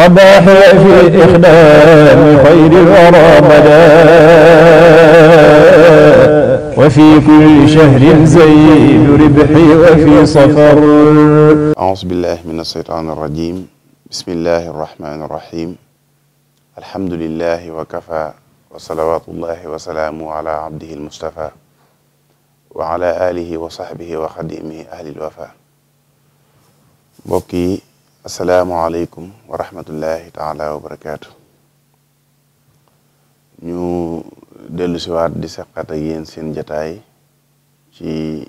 وضاحي في إخدام خير الورى بدا وفي كل شهر زيد ربحي وفي صفر أعوذ بالله من الشيطان الرجيم بسم الله الرحمن الرحيم الحمد لله وكفى وصلوات الله وسلامه على عبده المصطفى وعلى آله وصحبه وخديمه أهل الوفا mbokk yi asalaamualeykum wa rahmatullahi taala wa barakaatu ñu dellu siwaat di seqat ak yéen seen jataay ci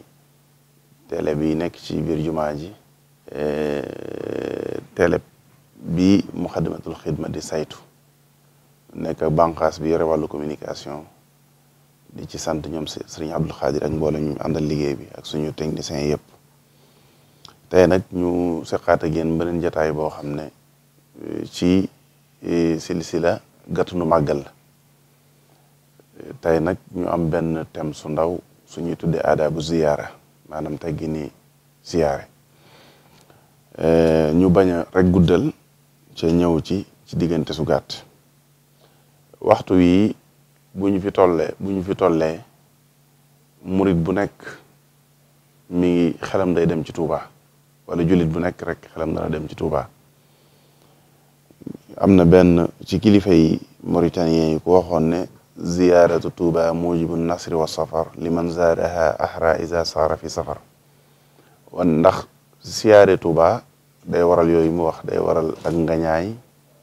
télé bi nekk ci biir jumaa ji eh, télé bi muxaddamatul xidma di saytu nekk banqaas bi yore wàllu communication di ci sant ñoom sëriñ Abdul Xaadir ak mboolem ñu àndal liggéey bi ak suñu techniciens yëpp tey nag ñu seqaat ak yéen beneen jataay boo xam ne eh, ci eh, silsila gàttanu màggal la eh, tey nag ñu am benn thème su ndaw su ñuy tuddee aadaabu ziyaara maanaam teggi ni ziyaare ñu bañ a rek guddal ca ñëw ci ci diggante su gàtt waxtu wi bu ñu fi tollee bu ñu fi tollee murit bu nekk mi ngi xelam day dem ci Tuubaa wala julit bu nekk rek xelam dana dem ci Touba am na benn ci kilifa yi mauritanien yi ku waxoon ne ziyaaratu Touba mujibu nasri wa safar liman zaaraha ahra iza saara fi safar wan ndax siyaare Touba day waral yooyu mu wax day waral ak ngañaay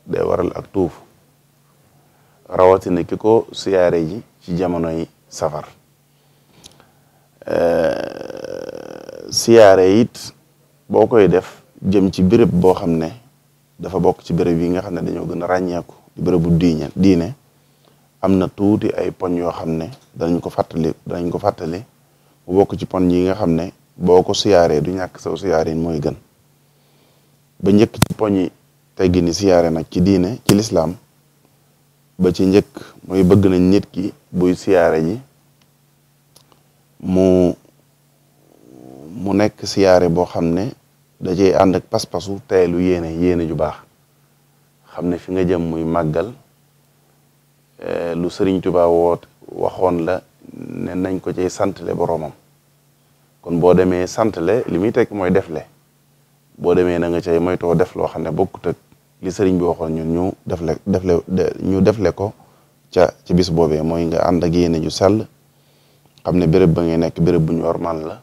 day waral ak tuuf rawatina ki ko siyaare ji ci jamonoy safar eh, siyaare it boo koy def jëm ci bërëb boo xam ne dafa bokk ci bërëb yi nga xam ne dañoo gën a ràññeeku bërëbu bérébu diine diine am na tuuti ay poñ yoo xam ne dañ ko fàttali danañ ko fàttali mu bokk ci poñ yi nga xam ne boo ko siyaaree du ñàkk saw siyaaree mooy gën ba njëkk ci poñ yi teggi siyaare nag ci diine ci lislaam ba ci njëkk mooy bëgg nañ nit ki buy siyaare ji mu mu nekk siyaare boo xam ne da cee ànd ak pas-pasu lu yéene yéene ju baax xam ne fi nga jëm muy màggal eh, lu Sëriñ Tuubaa woot waxoon la ne nañ ko cay santale boroomam kon boo demee santale li muy teg mooy defle boo demee na nga cay moytoo def loo xam ne bokkut ak li sëriñ bi waxoon ñun ñu defle defle ñu defle ko ca ci bis boobee mooy nga ànd ak yéene ju sell xam ne béréb ba ngay nekk béréb bu ñu man la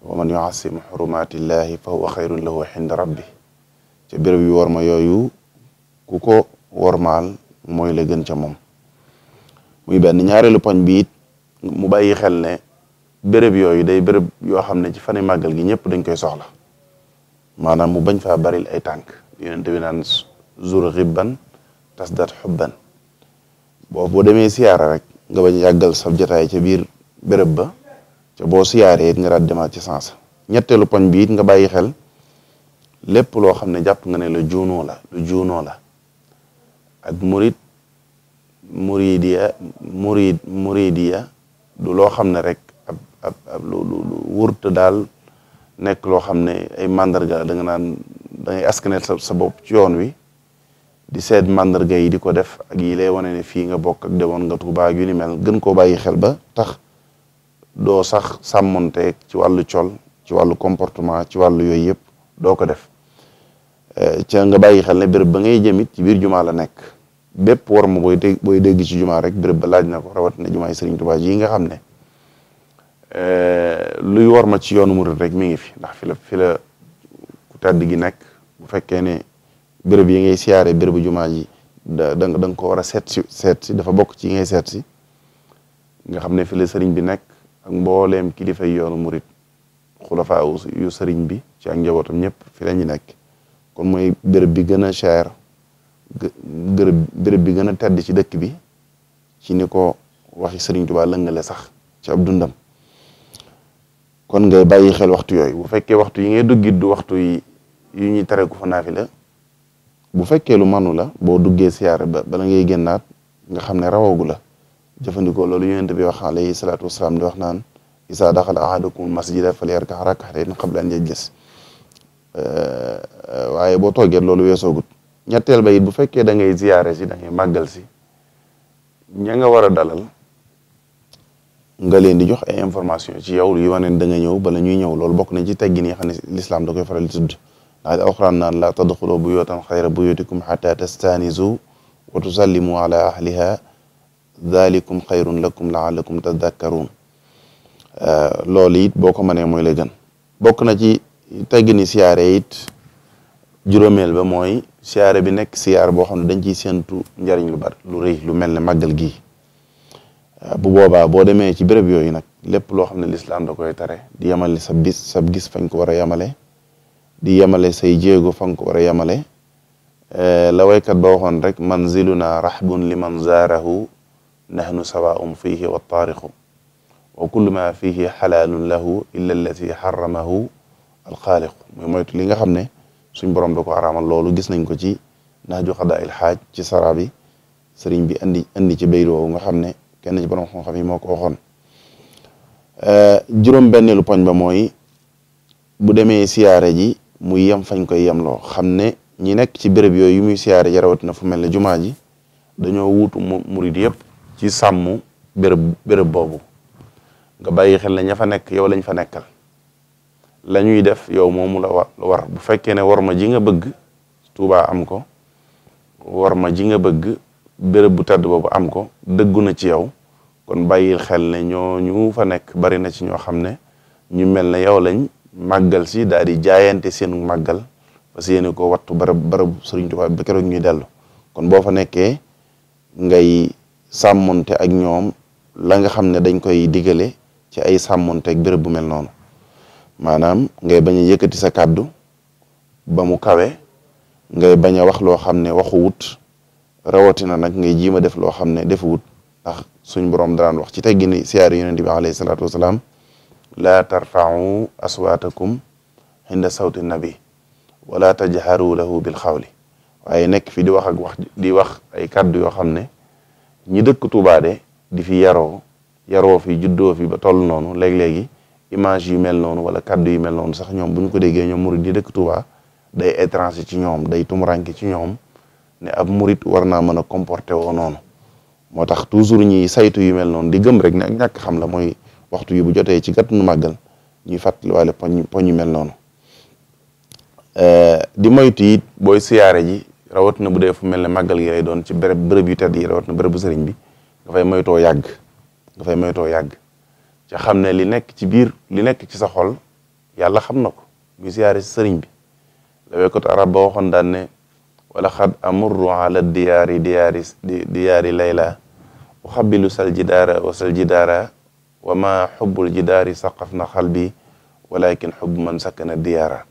wa man yuasim xurumatillahi fa huwa xayrun lahu inda rabbi ca béréb yu worma yooyu ku ko wormaal mooy la gën ca moom muy benn ñaareelu poñ bi it mu bàyyi xel ne béréb yooyu day bërëb yoo xam ne ci fani màggal gi ñëpp dañ koy soxla maanaam mu bañ fa baril ay tànk yonent bi naan zur xibban tasdat xubban boo boo demee siyaara rek nga bañ yàggal sab ca biir béréb ba boo siyaaree it nga daal demaat ci sens ñetteelu poñ bi it nga bàyyi xel lépp loo xam ne jàpp nga ne lu juunoo la lu la ak murid muridiya murid muridiya du loo xam ne rek ab lu lu wurt daal nekk loo xam ne ay màndarga danga nga naan da ngay askanel sa bopp ci yoon wi di seet mandarga yi di ko def ak yi lay wane ne fii nga bokk ak demoon nga Tuubaa yu ni mel gën koo bàyyi xel ba tax doo sax sàmmonteeg ci wàllu col ci wàllu comportement ci wàllu yooyu yëpp doo ko def eh, ca nga bàyyi xel ne béréb ba ngay jëmit ci biir jumaa la nekk bépp war ma booy dégg booy dégg ci jumaa rek béréb ba laaj na ko rawatina jumaay Sëriñ Tuubaa yi nga xam ne eh, luy war ma ci yoonu murid rek mi ngi fi ndax fi la fi gi nekk bu fekkee ne béréb yi ngay siyaare bérébu jumaa ji da da nga ko war a seet seet si dafa bokk ci ngay seet si nga xam ne fi la sëriñ bi nekk ak mbooleem kilifa yi yoonu murit xulafaa yu sëriñ bi ci ak njabootam ñëpp fi la nekk kon mooy bërëb bi gën a cher gërëb bërëb bi gën a tedd ci dëkk bi ci ni ko waxi sëriñ Tuubaa lëngale sax ci ab dundam kon nga bàyyi xel waxtu yooyu bu fekkee waxtu yi ngay duggit du waxtu yi yu ñuy tere ku fa naafi la bu fekkee lu manu la boo duggee siyaare ba bala ngay génnaat nga xam ne rawagu la jëfandikoo loolu yonent bi wax alayhi salaatu wasalaam di wax naan isa daxala ahadukum masjida falyarka rak'atayn qabla an yajlis euh, waaye boo toogee loolu weesoogut ñetteel ba it bu fekkee da ngay ziyaare si da ngay màggal si ña nga war a dalal nga leen di jox ay information ci yow yi wane ne da nga ñëw bala ñuy ñëw loolu bokk nañ ci teggin yi xam ne lislaam da koy faral di tudd ndax alxuraan naan laa tadxuloo bu xayra buyootikum xata tastanisu wa tusallimu dhalikum xayrun lakum laalakum tadakkaruun euh, loolu it boo ko mënee mooy la gën bokk na ci teggini siyaare it juróomeel ba mooy siyaare bi nekk siyaare boo xam ne dañ ciy séentu njariñ lu bari lu rëy lu mel ne màggal gi euh, bu boobaa boo demee ci béréb yooyu nag lépp loo xam ne lislaam da koy tare di yemale sa bis sa gis fañ ko war a yemale di yemale say jéego fañ ko war a yemale euh, la waykat ba waxoon rek manziluna rahbun liman zaarahu nahnu sawaa'un fiihi wa taariqu wa kullu ma fiihi xalaalun lahu illa allati xaramahu alxaaliqu muy moytu li nga xam ne suñ borom da ko araamal loolu gis nañ ko ci naaju xadaa il xaaj ci saraa bi sëriñ bi andi andi ci bayt nga xam ne kenn ci borom xam-xam yi moo ko waxoon eh, poñ ba mooy bu demee siyaare ji muy yem fañ koy yemloo xam ne ñi nekk ci béréb yooyu yu rawatina fu mel ne jumaa ji dañoo wuutu murid yëpp ci sàmm bërëb bërëb boobu nga bàyyi xel ne ña fa nekk yow lañ fa nekkal la ñuy def yow moomu la war bu fekkee ne war ma ji nga bëgg Tuubaa am ko war ma ji nga bëgg bërëb bu tedd boobu am ko dëggu na ci yow kon bàyyil xel ne ñoo fa nekk bari na ci ñoo xam ne ñu mel ne yow lañ màggal si daal di jaayante seen màggal parce que yéene ko wattu barab barab Sëriñ Tuubaa ba keroog ñuy dellu kon boo fa nekkee ngay sàmmonte ak ñoom la nga xam ne dañ koy digale ci ay sàmmonte ak bu mel noonu maanaam ngay bañ a yëkkati sa kàddu ba mu kawe ngay bañ a wax loo xam ne waxu wut rawatina nag ngay jiima def loo xam ne defu wut ndax suñ borom daan wax ci teggini siyaari yonent bi alayhi salaatu wasalaam laa tarfa'u aswaatakum inda sawti nabi wala tajharu lahu bil xawli waaye nekk fi di wax ak di wax ay kàddu yoo xam ne ñi dëkk Touba de di fi yaroo yaroo fi juddoo fi ba toll noonu léeg-léegi image yu mel noonu wala kàddu yu mel noonu sax ñoom bu ñu ko déggee ñoom murit ñi dëkk Touba day étranger ci ñoom day tumuranke ci ñoom ne ab murit war naa mën a comporter woo noonu moo tax toujours ñi saytu yu mel noonu di gëm rek ne ak ñàkk xam la mooy waxtu yi bu jotee ci gàtt nu màggal ñuy fàttaliwaale poñ poñ yu mel noonu euh, di moytu it booy siyaare ji rawatina bu dee fu mel ne màggal gi lay doon ci béréb bërëb yu tedd yi rawatina bérébu sëriñ bi nga fay moytoo yàgg nga fay yàgg ca xam ne li nekk ci biir li nekk ci sa xol yàlla xam na ko buy siyaare si sëriñ bi la weykot arab ba waxoon daan ne wala xad amurru ala diyaari diyaari diyaari layla uxabilu sal jidaara wa sal jidaara wa ma xubbul jidaari saqaf na xalbi walakin xubb man sakkana diyaara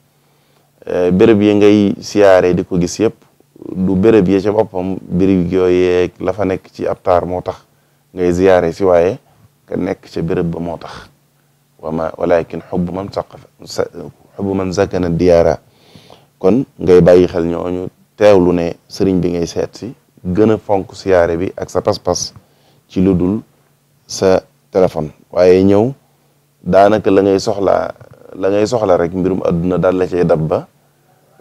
béréb yi ngay siyaare di ko gis yëpp du béréb yi ca boppam béréb yooy la fa nekk ci ab taar moo tax ngay ziyaare si waaye ka nekk ca bërëb ba moo tax wama walakin xubbu man saqafa xubbu man zakana diyaara kon ngay bàyyi xel ñooñu teewlu ne sëriñ bi ngay seet si gën a fonk siyaare bi ak sa pas-pas ci lu dul sa téléphone waaye ñëw daanaka la ngay soxlaa la ngay soxla rek mbirum àdduna daal la cay dab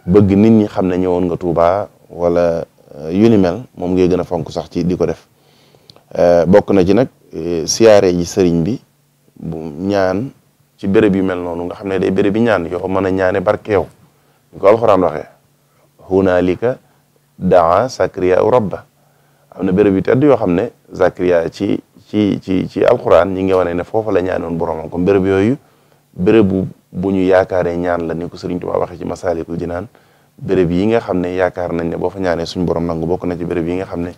bëgg nit ñi xam ne ñëwoon nga Tuubaa wala euh, yu ni mel moom ngay gën fonk sax ci di ko def euh, bokk na ci nag euh, siyaare ji sëriñ bi bu ñaan ci béréb yu mel noonu nga xam ne day béréb bi ñaan yoo mën a ñaane barke yow ñu ko alxuraan waxee hunaalika daa sakriya rabba am na béréb yu tedd yoo xam ne zakriya ci ci ci ci alxuraan ñi ngi wane ne foofa la ñaanoon boromam comme bërëb yooyu béréb bu bu ñu yaakaaree ñaan la ni ko sëriñ Tuubaa waxee ci masaalikul jinaan béréb yi nga xam ne yaakaar nañ ne boo fa ñaanee suñu borom nangu bokk na ci béréb yi nga xam ne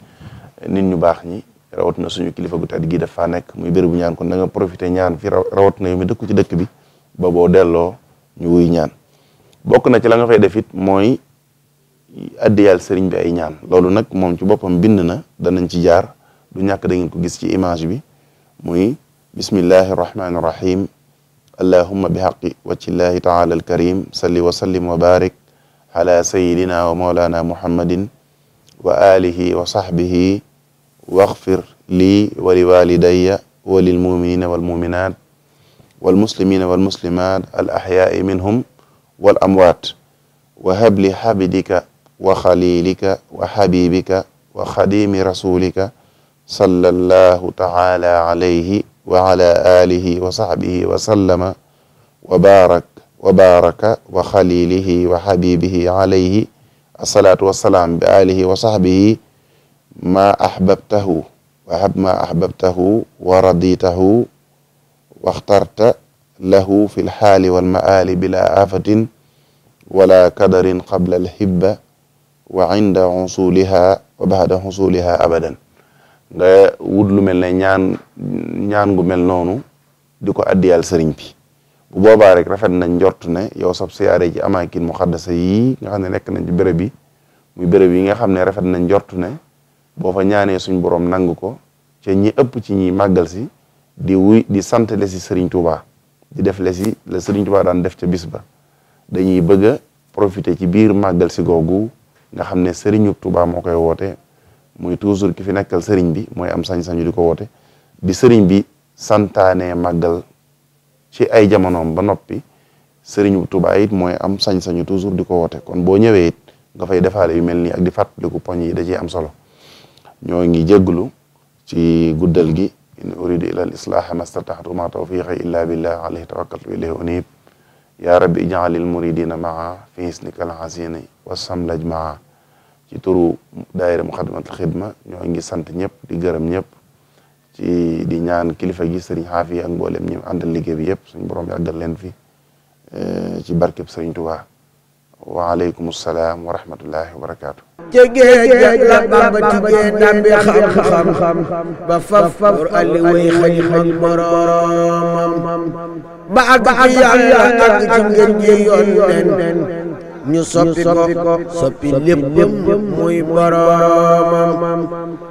nit ñu baax ñi rawatina suñu kilifa gu tedd gi dafa nekk muy bérébu bu kon na profité ñaan fi rawatina yow mi dëkku ci dëkk bi ba boo delloo ñu wuy na ci la nga fay def it mooy addiyal sëriñ bi ay ñaan loolu nag moom ci boppam bind na danañ ci jaar du ñàkk da ngeen ko gis ci image bi muy bismillahi rahmaani rahim allahumma bi haqi wajhillahi taala alkarim salli wa sallim wa barik ala sayidina wa maulana muhammadin wa alihi wa sahbihi waxfir lii wa liwalidaya wa lilmuminina walmuminat walmuslimina walmuslimat al axyaai minhum wal amwaat wa habli xabidika wa xalilika wa xabibika wa xadimi rasulika sallallahu taala alayhi wa ala alihi wa sahbihi wa sallama wa baarak wa baraka wa xalilihi wa xabibihi alayhi asalaatu wassalaam bi alihi wa saxbihi ma ahbabtahu wa hab wa raditahu waxtarta lahu fi lxaali walmaali bila afatin wala kadarin qabla alhibba wa inda lu mel ne ñaan ñaan gu mel noonu di ko addiyal sëriñ bi bu boobaa rek rafet nañ njort ne yow sab siyaare ji amaakin muqaddasa yii nga xam ne nekk nañ ci béréb yi muy béréb yi nga xam ne rafet nañ njort ne boo fa ñaanee suñ borom nangu ko ca ñi ëpp ci ñi màggal si di wuy di sant le si Serigne Touba di def le si la Serigne Touba daan def ca bis ba dañuy bëgg a ci biir màggal si googu nga xam ne Serigne Touba moo koy woote muy toujours ki fi nekkal Serigne bi mooy am sañ-sañu di ko woote bi Serigne bi santaane màggal. ci ay jamonoom ba noppi sëriñ Tuubaa it mooy am sañ-sañu toujours di ko woote kon boo ñëwee it nga fay defaale yu mel nii ak di fàttaliku poñ yi da am solo ñoo ngi jégglu ci guddal gi in uridu ila al islaaha mastataxtu ma tawfiqi illa billah alayhi tawakkaltu wa ilayhi unib ya rabbi ijaalil muridina maa fi hisnikal hasini wasamlaj maa ci turu daayira Muxaddamatul Xidma ñoo ngi sant ñëpp di gërëm ñëpp ci di ñaan kilifa gi sëriñ xaafi ak mboolem ñi àndal liggéey bi yëpp suñ borom yàggal leen fi eh, ci barkeb sëriñ Tuubaa waaleykum salaam wa rahmatullahi wa barakaatu. ci yàlla ak ci ngeen ji yoon nen ñu